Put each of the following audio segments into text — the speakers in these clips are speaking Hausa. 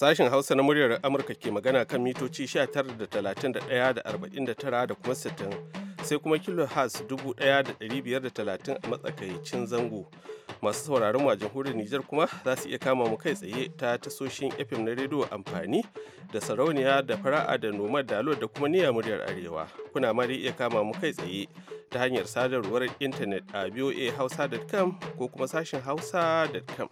Sashen Hausa na muryar Amurka ke magana kan mitoci 19.31 da da kuma 60 sai kuma kilohertz 1530 a matsakaicin zango. Masu sauraron mu a jamhuriyar Nijar kuma za su iya kama mu kai tsaye ta tasoshin FM na rediyo amfani da sarauniya da fara'a da noma dalo da kuma niyya muryar arewa. Kuna ma iya kama mu kai tsaye ta hanyar sadarwar intanet a voahausa.com ko kuma sashen hausa.com.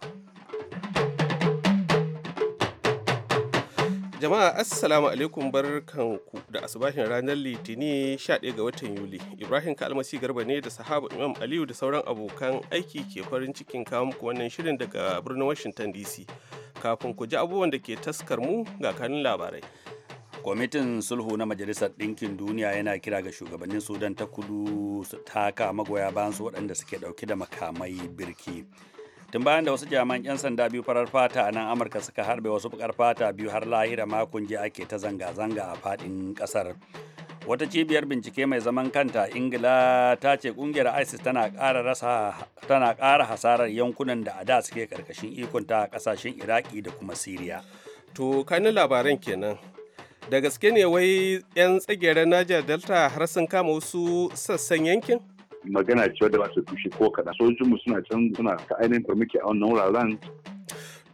Jama'a Assalamu alaikum barkanku da asubahin ranar Litini 11 ga watan Yuli. Ibrahim Kalmasi Garba ne da sahaba Imam Aliyu da sauran abokan aiki ke farin cikin kawo muku wannan shirin daga birnin Washington DC. Kafin ku ji abubuwan da ke taskar mu ga kanun labarai. Kwamitin sulhu na Majalisar Ɗinkin Duniya yana kira ga shugabannin Sudan ta kudu su taka magoya bayan su waɗanda suke ɗauke da makamai birki. tun bayan da wasu jami'an 'yan sanda biyu farar fata a nan amurka suka harbe wasu bukar fata biyu har lahira makon jiya ake ta zanga-zanga a fadin kasar wata cibiyar bincike mai zaman kanta ingila ta ce kungiyar isis tana kara hasarar yankunan da a da suke karkashin ikonta a kasashen iraki da kuma siriya to kanin labaran kenan da gaske ne wai 'yan tsageren niger delta har sun kama wasu sassan yankin magana cewa da ba su tushe ko kaɗan sojojinmu suna can suna ta ainihin farmaki a wannan wuraren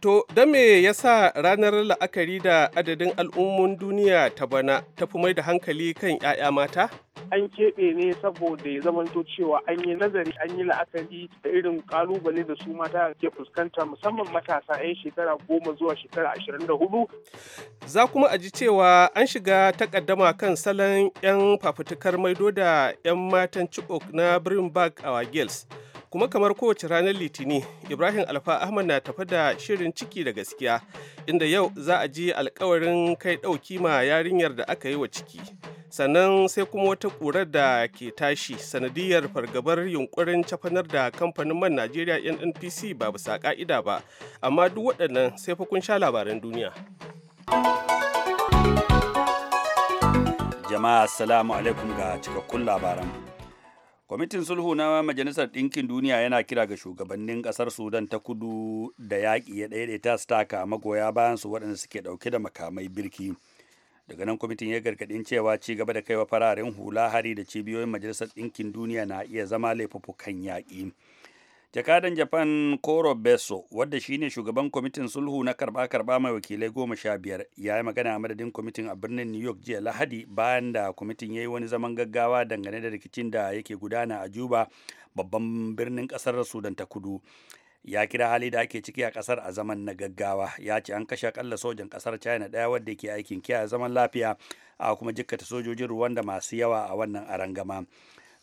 To, don me ya sa ranar la'akari da adadin al'ummun duniya ta bana ta fi mai da hankali kan 'ya'ya mata? An keɓe ne saboda ya zamanto cewa an yi nazari an yi la'akari da irin ƙalubale da su mata ke fuskanta musamman matasa 'yan shekara goma zuwa shekara ashirin da hudu. Za kuma a ji cewa an shiga takaddama kan salon 'yan fafutukar maido da 'yan matan Chibok na Birnbach a Wagels. kuma kamar kowace ranar litini ibrahim alfa ahmad na tafa da shirin ciki da gaskiya inda yau za a ji alkawarin kai ɗauki ma yarinyar da aka yi wa ciki sannan sai kuma wata ƙurar da ke tashi sanadiyar fargabar yunkurin cafanar da kamfanin man najeriya nnpc ba bisa ƙa'ida ba amma duk waɗannan sai fa kun sha labaran duniya jama'a assalamu alaikum ga cikakkun labaran kwamitin sulhu na majalisar ɗinkin duniya yana kira ga shugabannin ƙasar sudan ta kudu da yaƙi ya ɗaiɗaita su taka magoya bayan su waɗanda suke ɗauke da makamai birki daga nan kwamitin ya gargaɗin cewa ci gaba da kaiwa fararen hula hari da cibiyoyin majalisar ɗinkin duniya na iya zama laifuffukan yaƙi. jakadan japan koro beso wadda ne shugaban kwamitin sulhu na karba-karba mai wakilai goma sha biyar ya yi magana a madadin kwamitin a birnin new york jiya lahadi bayan da kwamitin ya yi wani zaman gaggawa dangane da rikicin da yake gudana a juba babban birnin kasar sudan ta kudu ya kira hali da ake ciki a kasar a zaman na gaggawa ya ce an kashe akalla sojan kasar china daya wadda ke aikin kiyaye zaman lafiya a kuma jikkata sojojin ruwan da masu yawa a wannan arangama. gama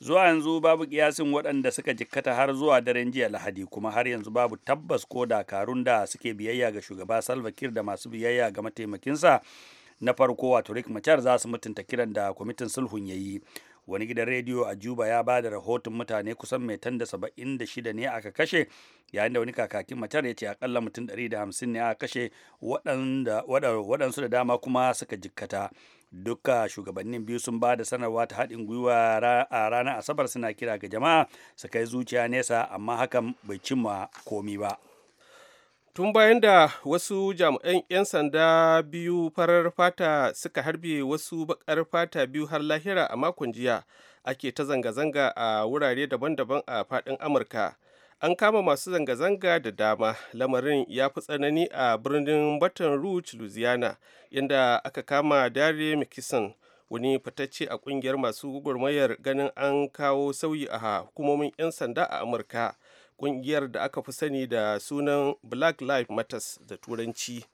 zuwa yanzu babu kiyasin waɗanda suka jikkata har zuwa daren jiya lahadi kuma har yanzu babu tabbas ko dakarun da suke biyayya ga shugaba salva kiir da masu biyayya ga mataimakinsa na farko wato rick machar za su mutunta kiran da kwamitin sulhun ya yi wani gidan rediyo a juba ya ba da rahoton mutane kusan mai tanda saba'in da shida ne aka kashe yayin da wani kakakin machar ya ce akalla mutum ɗari da hamsin ne aka kashe waɗansu da dama kuma suka jikkata duka shugabannin biyu sun ba da sanarwa ta haɗin gwiwa a ranar asabar suna kira ga jama'a su kai zuciya nesa amma hakan bai cimma komi ba tun bayan da wasu jami'an 'yan sanda biyu farar fata suka harbe wasu bakar fata biyu har lahira a makon jiya ake ta zanga-zanga a wurare daban-daban a faɗin amurka an kama masu zanga-zanga da dama lamarin ya fi tsanani a birnin baton rouge louisiana inda aka kama dare McKisson wani fitacce a kungiyar masu gwagwarmayar ganin an kawo sauyi a hukumomin 'yan sanda a amurka kungiyar da aka fi sani da sunan black lives matters da turanci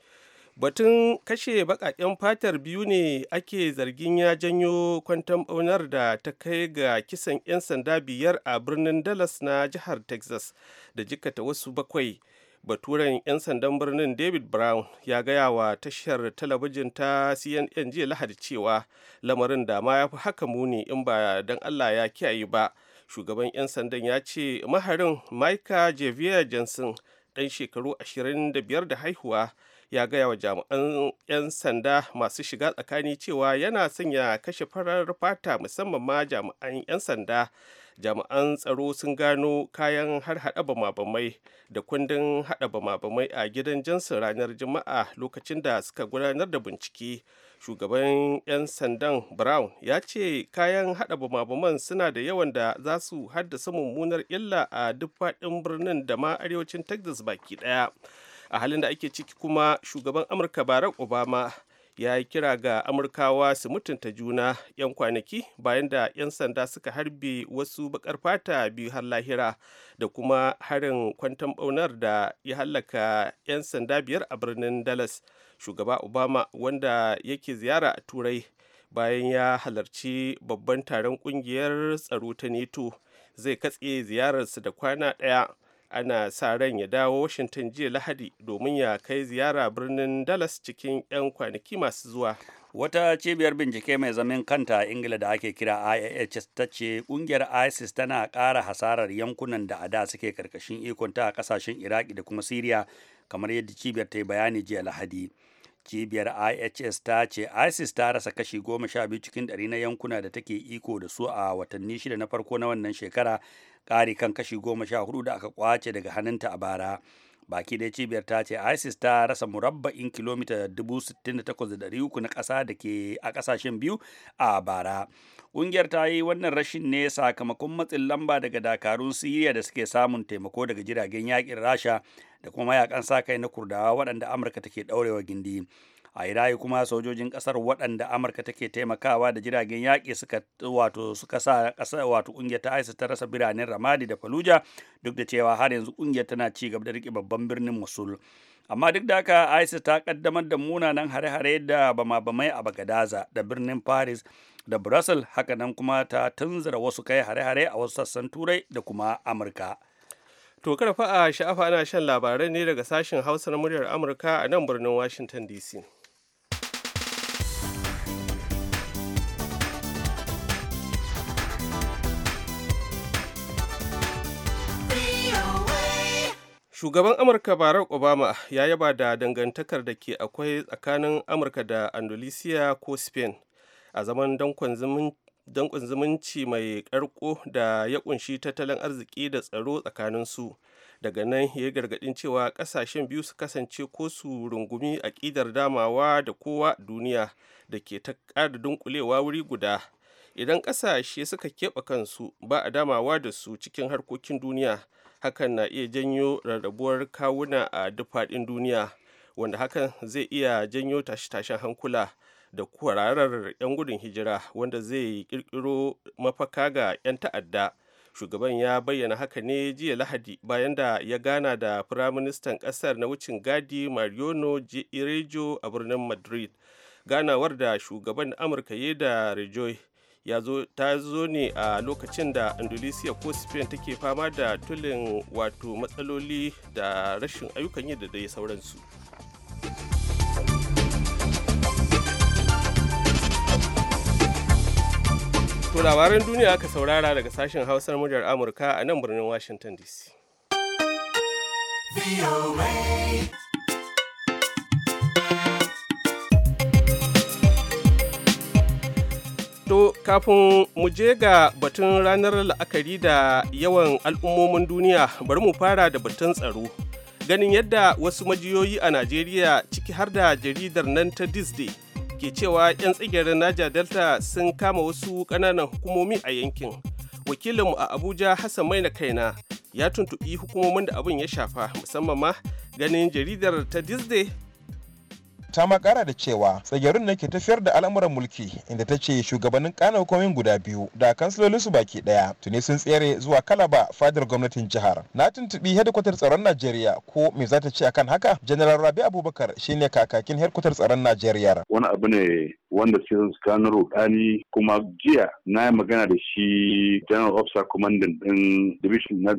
batun kashe baƙaƙen fatar biyu ne ake zargin ya janyo kwantan ɓaunar da ta kai ga kisan 'yan sanda biyar a birnin dallas na jihar texas da jikata wasu bakwai baturen 'yan sandan birnin david brown ya gaya wa tashar talabijin ta cnn jiya lahadi cewa lamarin da ma ya fi haka muni in ba don allah ya kiyaye ba shugaban 'yan sandan ya ce maharin Michael javier johnson ɗan shekaru 25 da haihuwa ya gaya wa jami'an 'yan sanda masu shiga tsakani cewa yana sanya kashe farar fata musamman ma jami'an 'yan sanda jami'an tsaro sun gano kayan har haɗa bamabamai da kundin haɗa bamabamai a gidan jinsin ranar juma'a lokacin da suka gudanar da bincike shugaban 'yan sandan brown ya ce kayan haɗa bamabaman suna da yawan da za su haddasa mummunar illa a duk faɗin birnin da ma arewacin texas baki ɗaya a halin da ake ciki kuma shugaban amurka barack obama ya yi kira ga amurkawa su mutunta juna 'yan kwanaki bayan da 'yan sanda suka harbe wasu bakar fata biyu har lahira da kuma harin kwantan baunar da ya hallaka 'yan sanda biyar a birnin dallas shugaba obama wanda yake ziyara a turai bayan ya halarci babban taron kungiyar tsaro ta neto zai katse ziyararsa da kwana ɗaya ana sa ran ya dawo washington jiya lahadi domin ya kai ziyara birnin dallas cikin 'yan kwanaki masu zuwa wata cibiyar bincike mai zamin kanta a ingila da ake kira ihs ta ce kungiyar isis tana ƙara hasarar yankunan da a da suke karkashin ikonta a kasashen iraki da kuma syria kamar yadda cibiyar ta yi bayani jiya lahadi cibiyar ihs ta ce isis ta rasa kashi goma sha biyu cikin ɗari na yankuna da take iko da su a watanni shida na farko na wannan shekara ƙari kan kashi goma sha hudu da aka kwace daga hannunta a bara baki ɗaya cibiyar ta ce isis ta rasa murabba'in kilomita 68,300 na ƙasa da ke a ƙasashen biyu a bara ƙungiyar ta yi wannan rashin ne sakamakon matsin lamba daga dakarun siriya da suke samun taimako daga jiragen yakin rasha da kuma mayakan sa kai na kurdawa waɗanda amurka take ɗaurewa gindi a iraki kuma sojojin kasar waɗanda amurka take taimakawa da jiragen yaƙi suka wato suka sa ƙasar wato ƙungiyar ta isis ta rasa biranen ramadi da faluja duk da cewa har yanzu ƙungiyar tana ci gaba da riƙe babban birnin musul amma duk da haka isis ta kaddamar da munanan hare-hare da bama-bamai a bagadaza da birnin paris da brussels hakanan kuma ta tunzura wasu kai hare-hare a wasu sassan turai da kuma amurka To karfa a sha'afa ana shan labarai ne daga sashen Hausa na muryar Amurka a nan birnin Washington DC. shugaban amurka barack obama ya yaba da dangantakar da ke akwai tsakanin amurka da andalusia ko spain a zaman dankon zumunci mai karko da ya kunshi tattalin arziki da tsaro tsakanin su daga nan ya gargadin cewa kasashen biyu su kasance ko su rungumi aƙidar damawa da kowa duniya da ke ta ƙara dunkulewa wuri guda idan ƙasashe suka keɓe kansu ba a damawa da su cikin harkokin duniya hakan na iya janyo rarrabuwar kawuna a duk faɗin duniya wanda hakan zai iya janyo tashe-tashen hankula da kwararar 'yan gudun hijira wanda zai kirkiro mafaka ga 'yan ta'adda shugaban ya bayyana haka ne jiya lahadi bayan da ya gana da firaministan ƙasar na wucin gadi mariano irejo a birnin madrid ganawar da shugaban amurka ya da rejoy ta zo ne a lokacin da Andalusia ko Spain take fama da tulin wato matsaloli da rashin ayyukan yi da dai sauransu. To labaran duniya aka saurara daga sashen hausar muryar Amurka a nan birnin Washington DC. To kafin mu je ga batun ranar la'akari da yawan al'ummomin duniya bari mu fara da batun tsaro. Ganin yadda wasu majiyoyi a Najeriya ciki har da jaridar nan ta Disney ke cewa 'yan tsigirin Naja Delta sun kama wasu ƙananan hukumomi a yankin. Wakilinmu a Abuja Hassan mai na kaina ya tuntuɓi hukumomin da abin ya shafa musamman ma ganin jaridar ta Disney ta ma da cewa tsagerun ne ke tafiyar da al'amuran mulki inda ta ce shugabannin kana hukumomin guda biyu da kansilolin su baki daya tuni sun tsere zuwa kalaba fadar gwamnatin jihar na tuntubi hedikwatar tsaron najeriya ko me za ta ce akan haka general rabi abubakar shine kakakin hedikwatar tsaron najeriya wani abu ne wanda sai su kano rudani kuma jiya na yi magana da shi general officer commandant din division na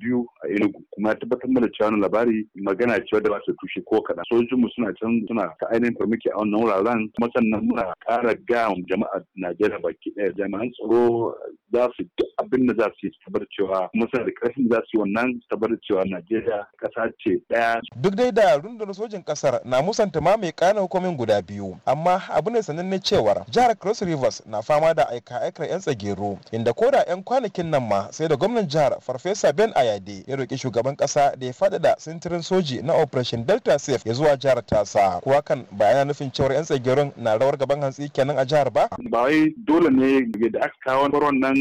biyu a enugu kuma ya tabbatar mana cewa labari magana cewa da ba su tushe ko kaɗan sojojinmu suna can suna ta ainihin farmaki a wannan wuraren kuma sannan muna ƙara ga jama'a Najeriya baki ɗaya jami'an tsaro za su duk abin da za su yi tabar cewa musa da ƙarfin za su yi wannan tabar cewa Najeriya ƙasa ce ɗaya. Duk dai da rundunar sojin ƙasar na musanta ma mai ƙana hukumin guda biyu amma abu ne sanannen cewar jihar Cross Rivers na fama da aika aikar 'yan tsagero inda koda 'yan kwanakin nan ma sai da gwamnan jihar Farfesa Ben Ayade ya roƙi shugaban ƙasa da ya faɗaɗa sintirin soji na Operation Delta Safe ya zuwa jihar tasa kuwa kan na nufin cewar 'yan tsagerun na rawar gaban hantsi kenan a jihar ba. Ba wai dole ne da aka kawo nan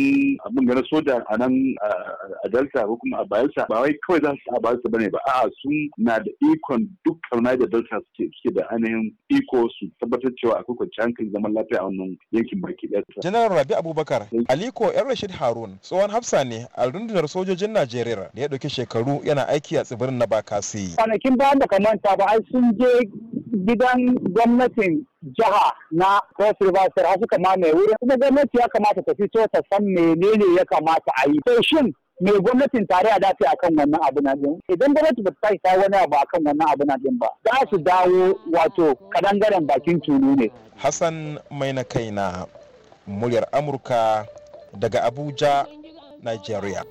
abin gana soja a nan a Delta ko kuma a Bayelsa ba wai kawai za su a Bayelsa bane ba a'a sun na da ikon duk kauna da Delta suke suke da ainihin iko su tabbatar cewa akwai kwanciyar hankali zaman lafiya a wannan yankin baki ɗaya. General Rabi Abubakar Aliko Yan Rashid Harun tsohon Hafsa ne a rundunar sojojin Najeriya da ya ɗauki shekaru yana aiki a tsibirin na Bakasi. Kwanakin bayan da kamanta ba ai sun je gidan gwamnatin jiha na Cross River Star suka mai wurin kuma gwamnati ya kamata ta fito ta san menene ya kamata a yi. shin mai gwamnatin tare da ta akan wannan abu na din idan gwamnati ba ta ta wani abu akan wannan abu na din ba za su dawo wato kadangaren bakin tunu ne Hassan mai na kaina muryar Amurka daga Abuja Najeriya.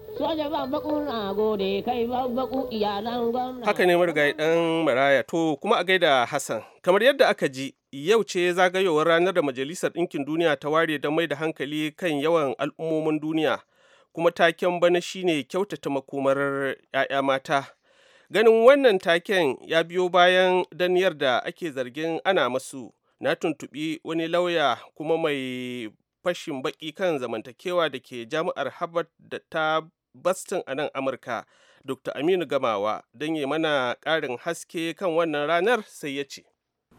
Haka ne marigayi ɗan maraya to kuma a gaida Hassan. Kamar yadda aka ji yau ce zagayowar ranar da Majalisar Ɗinkin Duniya ta ware don mai da hankali kan yawan al'ummomin duniya kuma taken bana shine kyautata makomar 'ya'ya mata. Ganin wannan taken ya biyo bayan daniyar da ake zargin ana masu. na tuntuɓi wani lauya kuma mai fashin baki kan zamantakewa da ke jami'ar harvard da ta boston a nan amurka dr aminu gamawa don yi mana ƙarin haske kan wannan ranar sai ya ce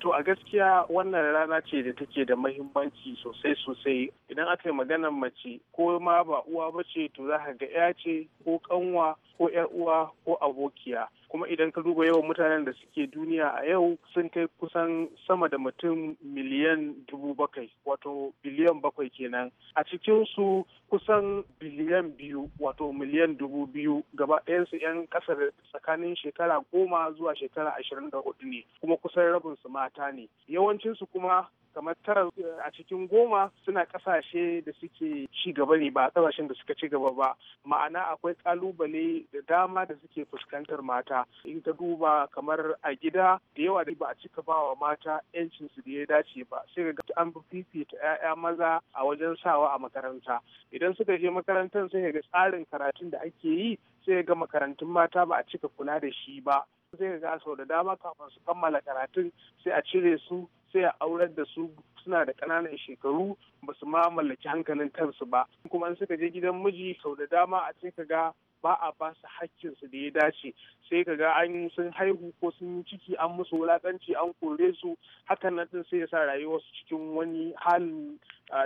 To a gaskiya wannan rana ce da take da mahimmanci sosai sosai idan aka yi maganar mace ko ma ba uwa ba ce to za ka ga ya ce ko kanwa ko yar uwa ko abokiya kuma idan ka duba yawan mutanen da suke duniya a yau sun kai kusan sama da mutum miliyan dubu bakwai wato biliyan bakwai kenan a cikin su kusan biliyan biyu wato miliyan dubu biyu gaba ɗayansu 'yan ƙasar tsakanin shekara goma zuwa shekara ashirin da hudu ne kuma kusan rabinsu mata ne yawancinsu kuma kamar tara eh, a cikin goma suna kasashe da suke ci gaba ne ba kasashen da suka ci gaba ba ma'ana akwai kalubale da dama da suke fuskantar mata in ta duba kamar a gida da yawa da ba a cika ba wa mata yancin su da ya dace ba sai ga an fifita 'ya'ya maza a wajen sawa a makaranta idan suka je makarantar sai ga tsarin karatun da ake yi sai ga makarantun mata ba a cika kula da shi ba sai ga sau da dama kafin su kammala karatun sai a cire su sai a aurar da su suna da ƙananan shekaru ba su ma mallaki hankalin kansu ba kuma in suka je gidan miji sau da dama a ce ka ga ba a ba su su da ya dace sai ka ga an sun haihu ko sun yi ciki an musu wulaƙanci an kore su hakan nan din sai ya sa rayuwarsu cikin wani halin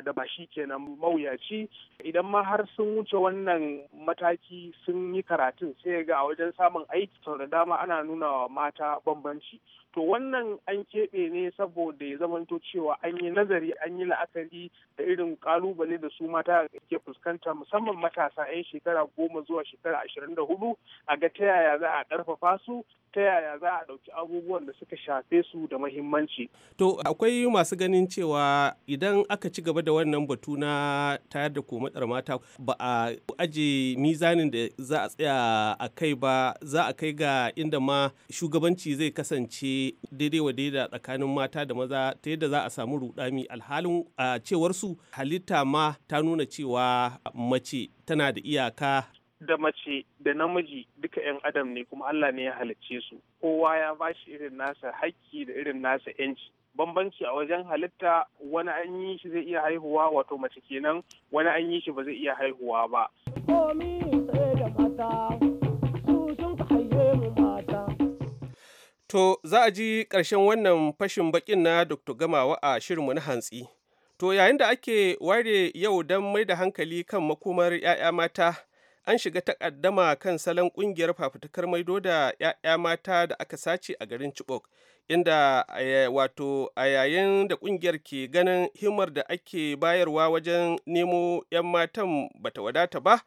da ba shi kenan mawuyaci idan ma har sun wuce wannan mataki sun yi karatun sai ga a wajen samun aiki sau da dama ana nuna wa mata bambanci to wannan an keɓe ne saboda ya zamanto cewa an yi nazari an yi la'akari da irin kalubale da su mata ke fuskanta musamman matasa 'yan shekara goma zuwa shekara ashirin da hudu a ga ta yaya za a ƙarfafa su ta yaya za a ɗauki abubuwan da suka shafe su da mahimmanci. To akwai masu ganin cewa idan aka ci gaba da wannan batu na tayar da komatsar mata ba a aje mizanin da za a tsaya a kai ba za a kai ga inda ma shugabanci zai kasance daidai wa daida tsakanin mata da maza ta yadda za a samu rudami alhalin a cewar su halitta ma ta nuna cewa mace tana da iyaka da mace da namiji duka 'yan adam ne kuma Allah ne ya halicce su kowa ya bashi irin nasa haƙƙi da irin nasa 'yanci bambanci a wajen halitta wani an yi shi zai iya haihuwa wato mace kenan wani an yi shi ba zai iya haihuwa ba. Komi da mata, su sun mu To, za a ji ƙarshen wannan fashin bakin na Dr. Gamawa a shirinmu na hantsi. To, yayin da ake ware yau don mai da hankali kan makomar 'ya'ya mata, an shiga takaddama kan salon ƙungiyar fafutukar maido da 'ya'ya mata da aka sace a garin Chibok, inda wato a yayin da ƙungiyar ke ganin himar da ake bayarwa wajen nemo 'yan matan bata wadata ba,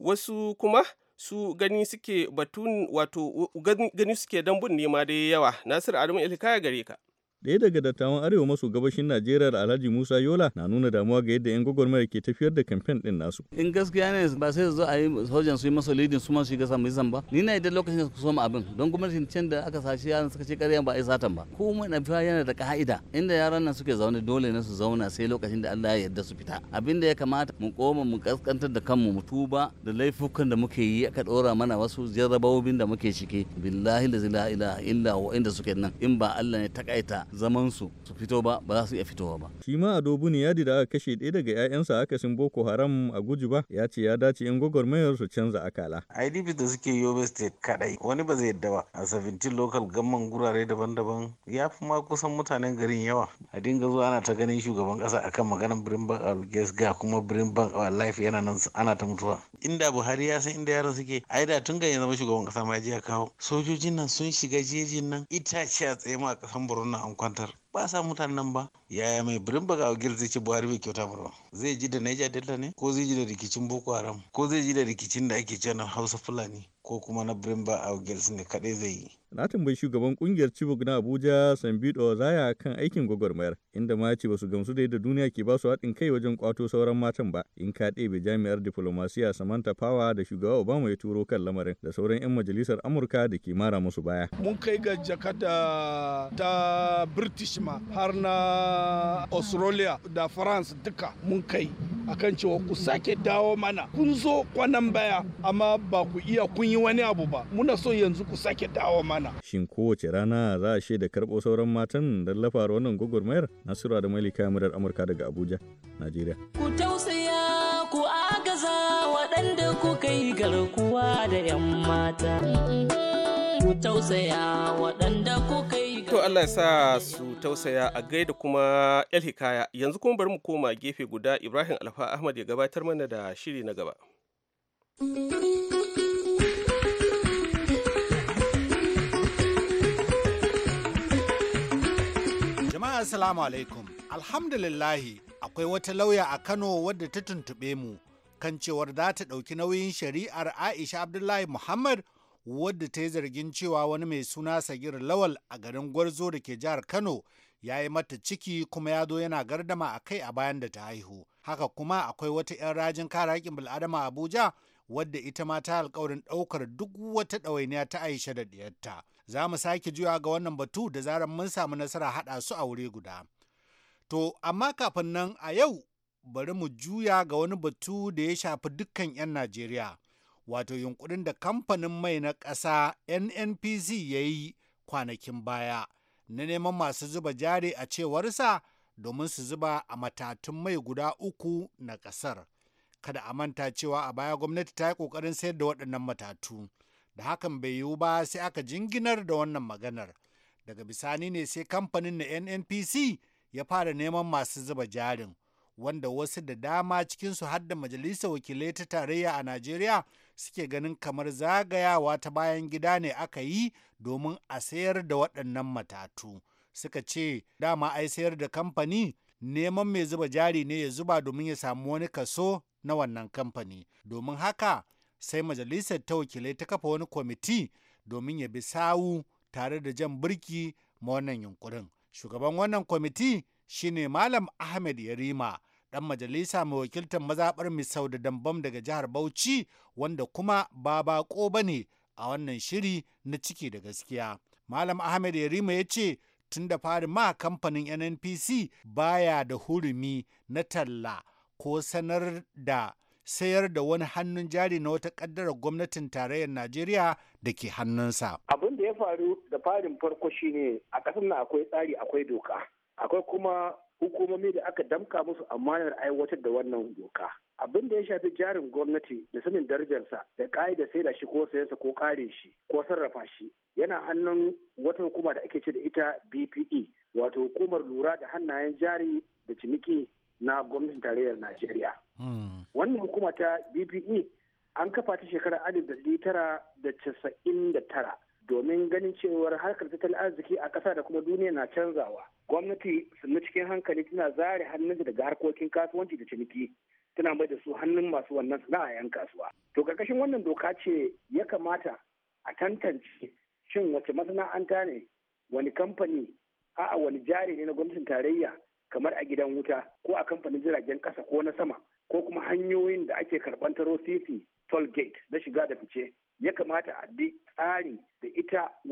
wasu kuma su gani suke batun wato gani suke dambun nema da yawa nasir adamu ilkaya gare ka daya daga dattawan Arewa maso gabashin Najeriya Alhaji Musa Yola na nuna damuwa ga yadda 'yan gwagwarmaya ke tafiyar da kamfen ɗin nasu. In gaskiya ne ba sai zo a yi sojan su yi masa lidin su ma samu izan gasa ba. Ni na idan lokacin da su soma abin don gwamnatin can da aka sashi yaran suka ce ƙaryan ba a yi satan ba. mai na fiya yana da ka'ida inda yaran nan suke zaune dole ne su zauna sai lokacin da Allah ya yarda su fita. Abin da ya kamata mu koma mu kaskantar da kanmu mu tuba da laifukan da muke yi aka ɗora mana wasu jarrabawobin da muke ciki. Billahi la ilaha illa wa inda suke nan in ba Allah ne takaita zaman su su fito ba ba za su iya fitowa ba shi ma ado ya da aka kashe ɗaya daga 'ya'yansa sin boko haram a guji ba ya ce ya dace 'yan gwagwarmayar su canza akala idp da suke yobe state kadai wani ba zai yadda ba a 17 local gamman gurare daban-daban ya fi ma kusan mutanen garin yawa a dinga zuwa ana ta ganin shugaban kasa akan maganar birnin bank a ga kuma birnin bank a life yana nan ana ta mutuwa inda buhari ya san inda yaran suke ai da tun ya zama shugaban kasa ma ya kawo sojojin nan sun shiga jejin nan itace a tsaye ma kasan borno an cuántas ba sa mutanen nan ba yaya mai birin baga a zai ce buhari bai kyauta ba zai ji da naija delta ne ko zai ji da rikicin boko haram ko zai ji da rikicin da ake cewa hausa fulani ko kuma na birin ba a girls ne kadai zai yi na tambayi shugaban kungiyar cibok na abuja sambido zaya kan aikin gwagwarmayar inda ma ce basu gamsu da yadda duniya ke basu haɗin kai wajen kwato sauran matan ba in ka ɗebe jami'ar diplomasiya samanta power da shugaba obama ya turo kan lamarin da sauran 'yan majalisar amurka da ke mara musu baya mun kai ga jakada ta british har na Australia da France duka mun kai akan cewa ku sake dawo mana kun zo kwanan baya amma ba ku iya kun yi wani abu ba muna so yanzu ku sake dawo mana shin kowace rana za a shaida karɓo sauran matan don lafara wannan gwagwarmayar nasura da malika murar amurka daga abuja najeriya ku tausaya ku agaza waɗanda ku kai garkuwa da 'yan mata ku To Allah ya sa su tausaya a gaida kuma El Hikaya. Yanzu kuma bari mu koma gefe guda Ibrahim Alfa Ahmad ya gabatar mana da shiri na gaba. Jama'a Assalamu alaikum. Alhamdulillahi akwai wata lauya a Kano wadda ta tuntube mu kan cewar za ta ɗauki nauyin shari'ar Aisha Abdullahi Muhammad wadda ta yi zargin cewa wani mai suna sagir lawal a garin gwarzo da ke jihar kano ya yi mata ciki kuma ya zo yana gardama a kai a bayan da ta haihu haka kuma akwai wata 'yan rajin kare haƙƙin bil'adama abuja wadda ita ma ta alƙawarin ɗaukar duk wata ɗawainiya ta aisha da ɗiyarta za mu sake juya ga wannan batu da zarar mun samu nasara haɗa su a wuri guda to amma kafin nan a yau bari mu juya ga wani batu da ya shafi dukkan 'yan najeriya wato yunkurin da kamfanin mai na ƙasa nnpc ya yi kwanakin baya na neman masu zuba jari a cewarsa domin su zuba a matatun mai guda uku na ƙasar kada a manta cewa a baya gwamnati ta yi ƙoƙarin sayar da waɗannan matatu da hakan bai yiwu ba sai aka jinginar da wannan maganar daga bisani ne sai kamfanin na nnpc ya fara neman masu zuba jarin wanda wasu da dama cikinsu har da majalisar wakilai ta tarayya a najeriya suke ganin kamar zagayawa ta bayan gida ne aka yi domin a sayar da waɗannan matatu. Suka ce dama ai sayar da kamfani neman mai zuba jari ne ya zuba domin ya samu wani kaso na wannan kamfani. Domin haka sai majalisar ta wakilai ta kafa wani kwamiti domin ya bi sawu tare da jan birki ma wannan yunkurin. Shugaban wannan kwamiti shine Malam Ahmed Yarima. ɗan majalisa mai wakiltar mazaɓar misau da dambam daga jihar Bauchi wanda kuma ba baƙo ba ne a wannan shiri na ciki da gaskiya. Malam Ahmed Yarima ya ce tun da fari ma kamfanin NNPC baya da hurumi na talla ko sanar da sayar da wani hannun jari na wata ƙaddarar gwamnatin tarayyar Najeriya da ke hannunsa. Abin da ya faru da farin farko shine a ƙasar na akwai tsari akwai doka. akwai kuma hukumomi da aka damka musu amanar aiwatar da wannan doka abin da ya shafi jarin gwamnati da sanin darajarsa da ƙa'ida sai da shi ko sayansa ko kare shi ko sarrafa shi yana hannun wata hukuma da ake ce da ita bpe wato hukumar lura da hannayen jari da ciniki na gwamnatin tarayyar najeriya hmm. wannan hukuma ta bpe an kafa ta shekarar alif da tara da casa'in da tara domin ganin cewar harkar tattalin arziki a ƙasa da kuma duniya na canzawa gwamnati suna cikin hankali tana zare hannunta daga harkokin kasuwanci da ciniki tana mai da su hannun masu wannan sana'a 'yan kasuwa to karkashin wannan doka ce ya kamata a tantance shin wace masana'anta ne wani kamfani a wani jari ne na gwamnatin tarayya kamar a gidan wuta ko a kamfanin jiragen ƙasa ko na sama ko kuma hanyoyin da ake karɓan taro titi toll gate na shiga da fice ya kamata a bi tsarin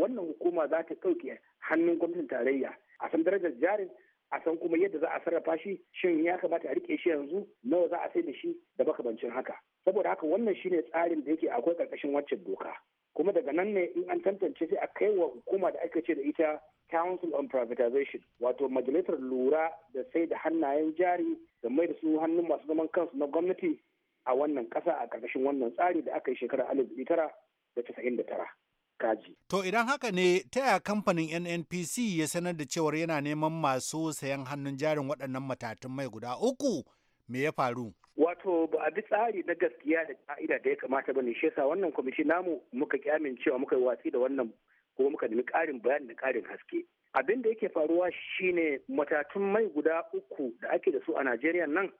wannan hukuma za ta ɗauke hannun gwamnatin tarayya a san darajar jarin a san kuma yadda za a sarrafa shi shin ya kamata a rike shi yanzu nawa za a sai da shi da makabancin haka saboda haka wannan shine tsarin da yake akwai karkashin waccan doka kuma daga nan ne in an tantance sai a kai wa hukuma da aka ce da ita council on privatization wato majalisar lura da sai da hannayen jari da mai da su hannun masu zaman kansu na gwamnati a wannan kasa a karkashin wannan tsari da aka yi shekarar alif tara da casa'in da tara kaji. To idan haka ne ta yaya kamfanin NNPC ya sanar da cewar yana neman masu sayan hannun jarin waɗannan matatun mai guda uku me ya faru? Wato ba a bi tsari na gaskiya da ka'ida da ya kamata ba ne shi yasa wannan kwamishi namu muka kyamin cewa muka yi watsi da wannan kuma muka nemi ƙarin bayani da ƙarin haske. Abin da yake faruwa shine matatun mai guda uku da ake da su a Najeriya nan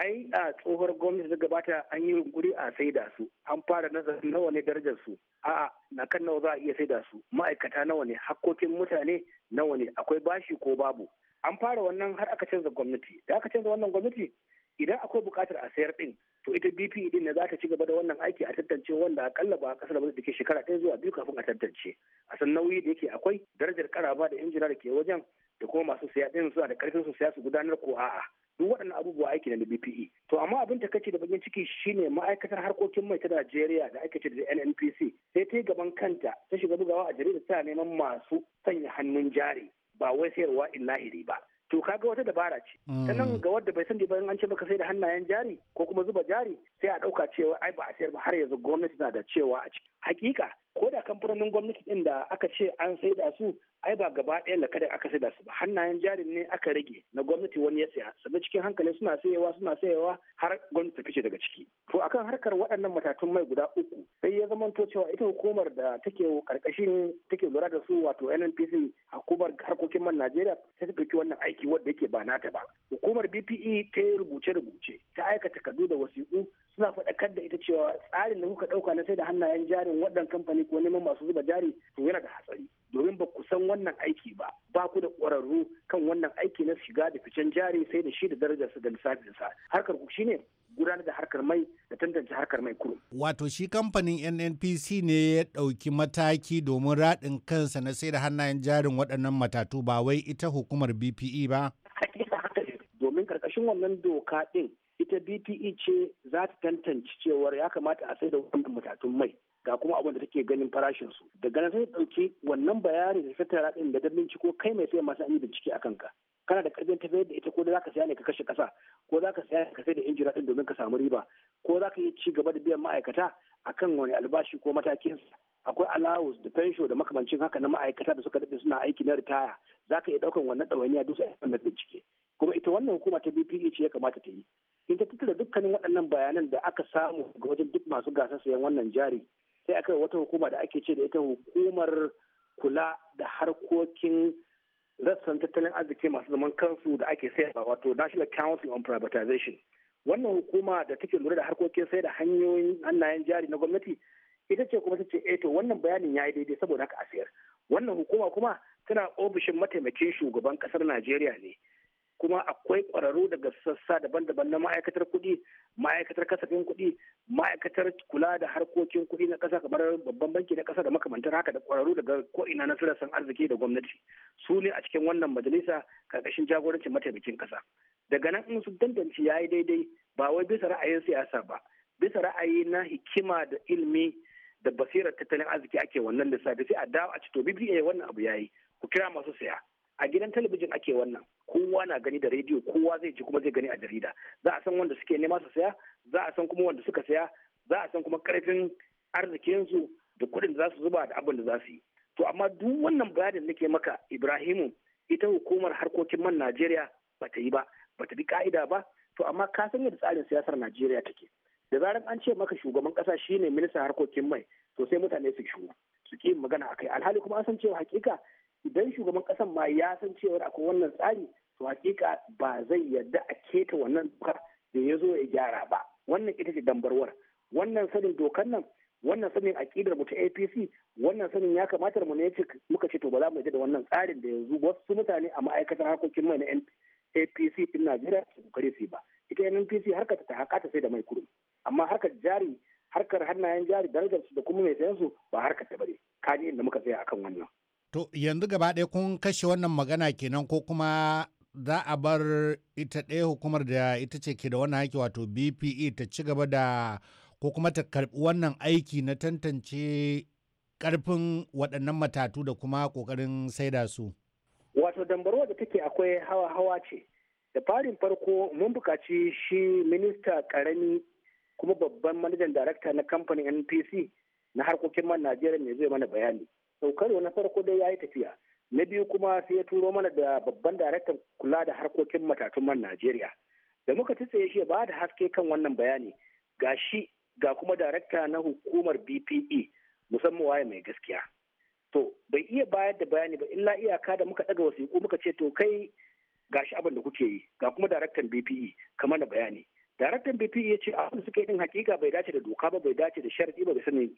ai a tsohuwar gwamnati da gabata an yi guri a saida su an fara nazarin nawa ne darajar su a'a na kan nawa za a iya saida su ma'aikata nawa ne hakkokin mutane nawa ne akwai bashi ko babu an fara wannan har aka canza gwamnati da aka canza wannan gwamnati idan akwai bukatar a sayar din to ita bp din e ne za ta ci gaba da wannan aiki a tantance wanda akalla ba a kasar ba da take shekara ɗaya zuwa biyu kafin a tantance a san nauyi da yake akwai darajar karaba da injina da ke wajen da kuma masu saya din suna da karfin su saya su gudanar ko a'a duk waɗannan abubuwa aiki ne na BPE. To amma abin kace da bakin ciki shine ma'aikatar harkokin mai ta Najeriya da ake ce da NNPC sai ta yi gaban kanta ta shiga bugawa a jarida tana neman masu sanya hannun jari ba wai sayarwa illahiri ba. To kaga wata dabara ce. Mm. nan ga wadda bai san ba an ce maka sai da hannayen jari ko kuma zuba jari sai a ɗauka cewa ai ba a sayar ba har yanzu gwamnati na da cewa a ciki. Hakika ko da kamfanonin gwamnati din da aka ce an saida su ai ba gaba ɗaya lakada aka saida su ba hannayen jarin ne aka rage na gwamnati wani ya saya sabu cikin hankali suna sayewa suna sayewa har gwamnati ta fice daga ciki to akan harkar waɗannan matatun mai guda uku sai ya to cewa ita hukumar da take karkashin take lura da su wato NNPC hukumar harkokin man Najeriya sai ta ɗauki wannan aiki wanda yake ba nata ba hukumar BPE ta yi rubuce-rubuce ta aika takardu da wasiƙu suna faɗakar da ita cewa tsarin da kuka ɗauka na sai da hannayen jarin waɗannan kamfani ko neman masu zuba jari to yana da hatsari domin ba ku san wannan aiki ba ba ku da ƙwararru kan wannan aiki na shiga da ficen jari sai da shi da darajarsa da lissafinsa harkar ku shine gudanar da harkar mai da tantance harkar mai kurum. Wato shi kamfanin NNPC ne ya ɗauki mataki domin raɗin kansa na sai da hannayen jarin waɗannan matatu ba wai ita hukumar BPE ba. Hakika haka domin karkashin wannan doka ɗin ita bpe ce za ta tantance cewar ya kamata a sai da wannan matatun mai ga kuma abin da take ganin farashin su daga nan sai ta dauki wannan bayani da tattara din da dabin ko kai mai sai masu an bincike akan ka kana da karfin tafiyar da ita ko da zaka saya ne ka kashe kasa ko zaka saya ka sai da injira din domin ka samu riba ko zaka yi ci gaba da biyan ma'aikata akan wani albashi ko matakin akwai allowance da pension da makamancin haka na ma'aikata da suka daɗe suna aiki na ritaya zaka iya ɗaukan wannan ɗawainiya duk sai a bincike kuma ita wannan hukuma ta BPE ce ya kamata ta yi in ta tattara dukkanin waɗannan bayanan da aka samu ga wajen duk masu gasa sayan wannan jari sai aka wata hukuma da ake ce da ita hukumar kula da harkokin rassan tattalin arziki masu zaman kansu da ake sayarwa wato national council on privatization wannan hukuma da take lura da harkokin sai da hanyoyin hannayen jari na gwamnati ita ce kuma ta eh to wannan bayanin yayi daidai saboda haka a sayar wannan hukuma kuma tana ofishin mataimakin shugaban kasar najeriya ne kuma akwai ƙwararru daga sassa daban-daban na ma'aikatar kuɗi ma'aikatar kasafin kuɗi ma'aikatar kula da harkokin kuɗi na ƙasa kamar babban banki na ƙasa da makamantar haka da kwararru daga ko'ina na sirrasan arziki da gwamnati su ne a cikin wannan majalisa karkashin jagorancin mataimakin ƙasa daga nan in su dandance ya yi daidai ba wai bisa ra'ayin siyasa ba bisa ra'ayi na hikima da ilimi da basirar tattalin arziki ake wannan lissafi sai a dawo a ci to bibiya wannan abu ya yi. ku kira masu saya a gidan talabijin ake wannan kowa na gani da rediyo kowa zai ji kuma zai gani a jarida za a san wanda suke nema su saya za a san kuma wanda suka saya za a san kuma karfin su da kuɗin da za su zuba da abin da za su yi to amma duk wannan bayanin nake maka ibrahimu ita hukumar harkokin man najeriya ba ta yi ba ba ta bi ka'ida ba to amma ka san yadda tsarin siyasar najeriya take da zarar an ce maka shugaban kasa shine ministan harkokin mai to sai mutane su shigo su ki magana akai alhali kuma an san cewa hakika idan shugaban kasan ma ya san cewa akwai wannan tsari to hakika ba zai yarda a keta wannan dokar da ya zo ya gyara ba wannan ita ce dambarwar wannan sanin dokar nan wannan sanin akidar mu ta APC wannan sanin ya kamata mu ne ce muka ce to ba za mu yarda da wannan tsarin da yanzu wasu mutane a ma'aikatan harkokin mai na APC din Najeriya su kokare su ba ita NPC harkar ta hakata sai da mai kurum amma harkar jari harkar hannayen jari darajar su da kuma mai sayansu ba harkar ta bane kaji inda muka tsaya akan wannan To yanzu gaba ɗaya kun kashe wannan magana kenan ko kuma za a bar ita ɗaya hukumar da ita ce ke da wannan aiki wato BPE ta ci gaba da ko kuma ta karɓi wannan aiki na tantance ƙarfin waɗannan matatu da kuma ƙoƙarin saida su. Wato dambarwa da take akwai hawa-hawa ce. Da farin farko mun buƙaci shi minista ƙarami kuma babban manajan darakta na kamfanin NPC na harkokin man Najeriya ne zai mana bayani. sau karo na farko dai ya yi tafiya na biyu kuma sai ya turo mana da babban daraktan kula da harkokin matatun man najeriya da muka tutsaye shi ba da haske kan wannan bayani ga shi ga kuma darakta na hukumar bpe musamman waye mai gaskiya to bai iya bayar da bayani ba illa iyaka da muka daga wasu muka ce to kai gashi abin da kuke yi ga kuma daraktan bpe kamar da bayani daraktan bpe ya ce abin suke din hakika bai dace da doka ba bai dace da sharadi ba da sani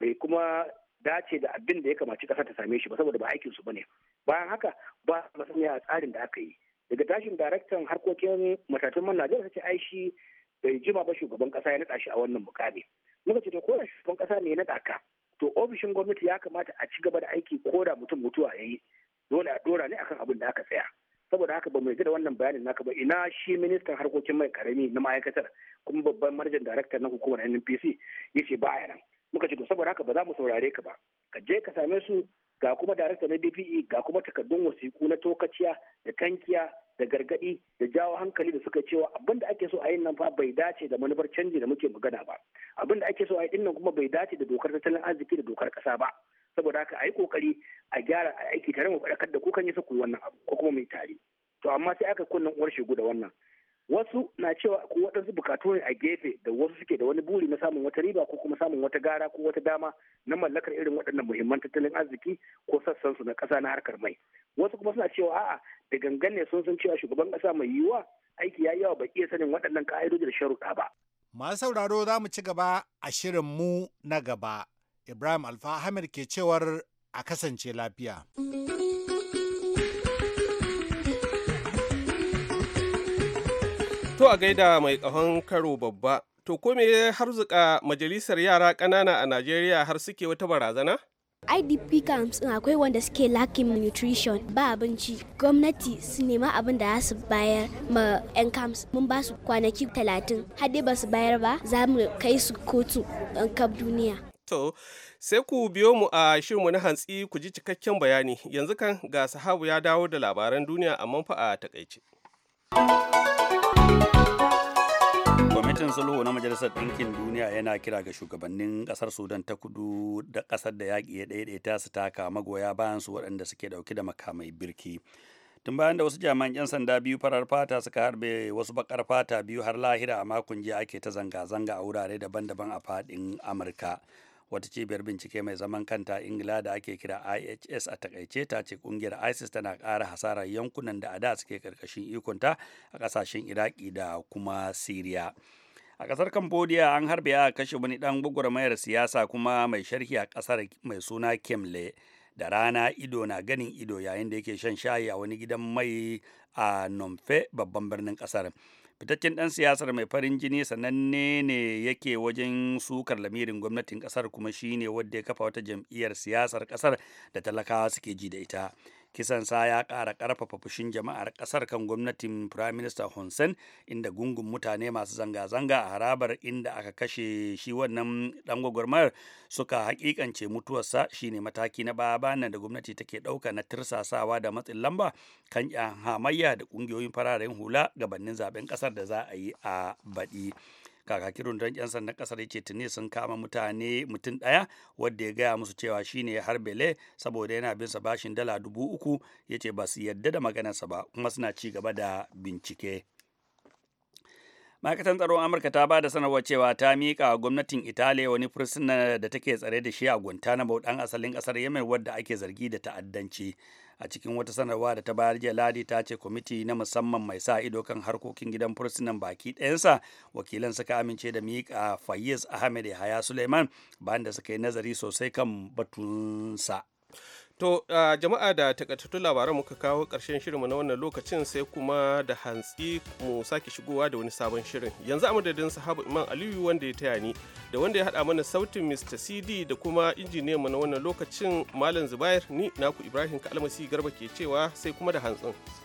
bai kuma dace da abin da ya kamaci ƙasa ta same shi ba saboda ba aikin su bane bayan haka ba masaniya a tsarin da aka yi daga tashin daraktan harkokin matatun man Najeriya ta ai shi bai jima ba shugaban ƙasa ya naɗa shi a wannan mukami muka ce to ko shugaban ƙasa ne ya nada ka to ofishin gwamnati ya kamata a ci gaba da aiki ko da mutum mutuwa ya yi dole a dora ne akan abin da aka tsaya saboda haka ba mu yarda da wannan bayanin naka ba ina shi ministan harkokin mai karami na ma'aikatar kuma babban manajan daraktan na hukumar NNPC yace a nan muka ce to saboda haka ba za mu saurare ka ba ka je ka same su ga kuma darakta na DPE ga kuma takardun wasiku na tokaciya da tankiya da gargadi da jawo hankali da suka cewa abin da ake so a yin nan fa bai dace da manufar canji da muke magana ba abin da ake so a yi nan kuma bai dace da dokar tattalin arziki da dokar kasa ba saboda haka a yi kokari a gyara a aiki tare mu faɗakar da kukan yi sa ku wannan abu ko kuma mai tare to amma sai aka kunnan uwar shigo da wannan wasu na cewa ko waɗansu bukatu ne a gefe da wasu suke da wani buri na samun wata riba ko kuma samun wata gara ko wata dama na mallakar irin waɗannan muhimman tattalin arziki ko sassan su na ƙasa na harkar mai wasu kuma suna cewa a'a da gangan ne sun san cewa shugaban ƙasa mai yiwuwa aiki ya yi yawa bai iya sanin waɗannan ka'idoji da sharuɗa ba. masu sauraro za mu ci gaba a shirin mu na gaba ibrahim alfa ke cewar a kasance lafiya. To a gaida mai kahon karo babba. To ko me ya harzuka majalisar yara kanana a Najeriya har suke wata barazana? idp camps akwai wanda suke lakin nutrition ba abinci gwamnati su nema abin da su bayar ma 'yan camps mun ba su kwanaki talatin hade ba su bayar ba za mu kai su kotu an kaf duniya to sai ku biyo mu a shirinmu na hantsi ku ji cikakken bayani yanzu kan ga sahabu ya dawo da labaran duniya amma fa a takaice kwamitin sulhu na majalisar ɗinkin duniya yana kira ga shugabannin ƙasar sudan ta kudu da ƙasar da yaƙi ya ta su taka magoya bayan su waɗanda suke ɗauke da makamai birki tun bayan da wasu jami'an 'yan sanda biyu farar fata suka harbe wasu bakar fata biyu har lahira a makon jiya ake ta zanga-zanga a wurare daban-daban a faɗin amurka wata cibiyar bincike mai zaman kanta ingila da ake kira ihs a takaice ta ce kungiyar isis tana ƙara hasarar yankunan da a da suke karkashin ikonta a ƙasashen iraki da kuma siriya a ƙasar cambodia an harbe a kashe wani ɗan gwagwarmayar siyasa kuma mai sharhi a ƙasar mai suna kemle da rana ido na ganin ido yayin da yake shan shayi a wani gidan mai a nomfe babban birnin ƙasar fitaccen dan siyasar mai farin jini sananne ne yake wajen sukar lamirin gwamnatin ƙasar kuma shine wadda ya kafa wata jam'iyyar siyasar ƙasar da talakawa suke ji da ita kisan sa ya kara ƙarfafa fushin jama'ar ƙasar kan gwamnatin prime minister hun inda gungun mutane masu zanga-zanga a harabar inda aka kashe shi wannan ɗan gwagwarmayar suka hakikance mutuwarsa shine mataki na baya da gwamnati take ɗauka na tirsasawa da matsin lamba kan yan hamayya da ƙungiyoyin fararen hula gabanin zaben ƙasar da za a yi a baɗi. kakakin don 'yan sandan kasar ya ce tuni sun kama mutane mutum ɗaya wadda ya gaya musu cewa shine ne harbele saboda yana bin bashin dala dubu uku yace ce ba su yarda da maganarsa ba kuma suna ci gaba da bincike ma'aikatan tsaron amurka ta ba da sanarwar cewa ta mika gwamnatin italiya wani fursuna da take tsare da shi a guantanamo dan asalin ƙasar yemen wadda ake zargi da ta'addanci a cikin wata sanarwa da ta bayar jiya ladi ta ce kwamiti na musamman mai sa ido kan harkokin gidan fursunan baki ɗayansa wakilan suka amince da miƙa fayyaz ahmed yahaya suleiman bayan da suka yi nazari sosai kan batunsa. To uh, jama'a da takaitattun labaran muka kawo ƙarshen shirinmu na wannan lokacin sai kuma da hantsi mu sake shigowa da wani sabon shirin. Yanzu a madadin sahabu Imam Aliyu wanda ya taya ni da wanda ya haɗa mana sautin Mr. CD da kuma mu na wannan lokacin Malam Zubair ni naku Ibrahim Kalmasi Garba ke cewa sai kuma da hantsin.